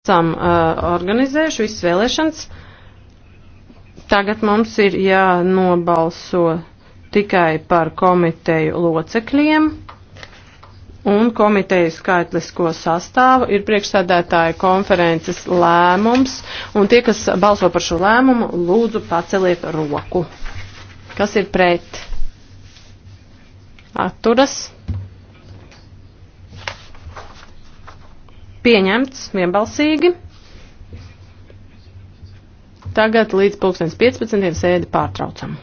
esam uh, organizējuši visas vēlēšanas. Tagad mums ir jānobalso tikai par komiteju locekļiem. Un komiteju skaitlisko sastāvu ir priekšsēdētāja konferences lēmums. Un tie, kas balso par šo lēmumu, lūdzu paceliet roku. Kas ir pret? Atturas. Pieņemts vienbalsīgi. Tagad līdz 2015. sēdi pārtraucam.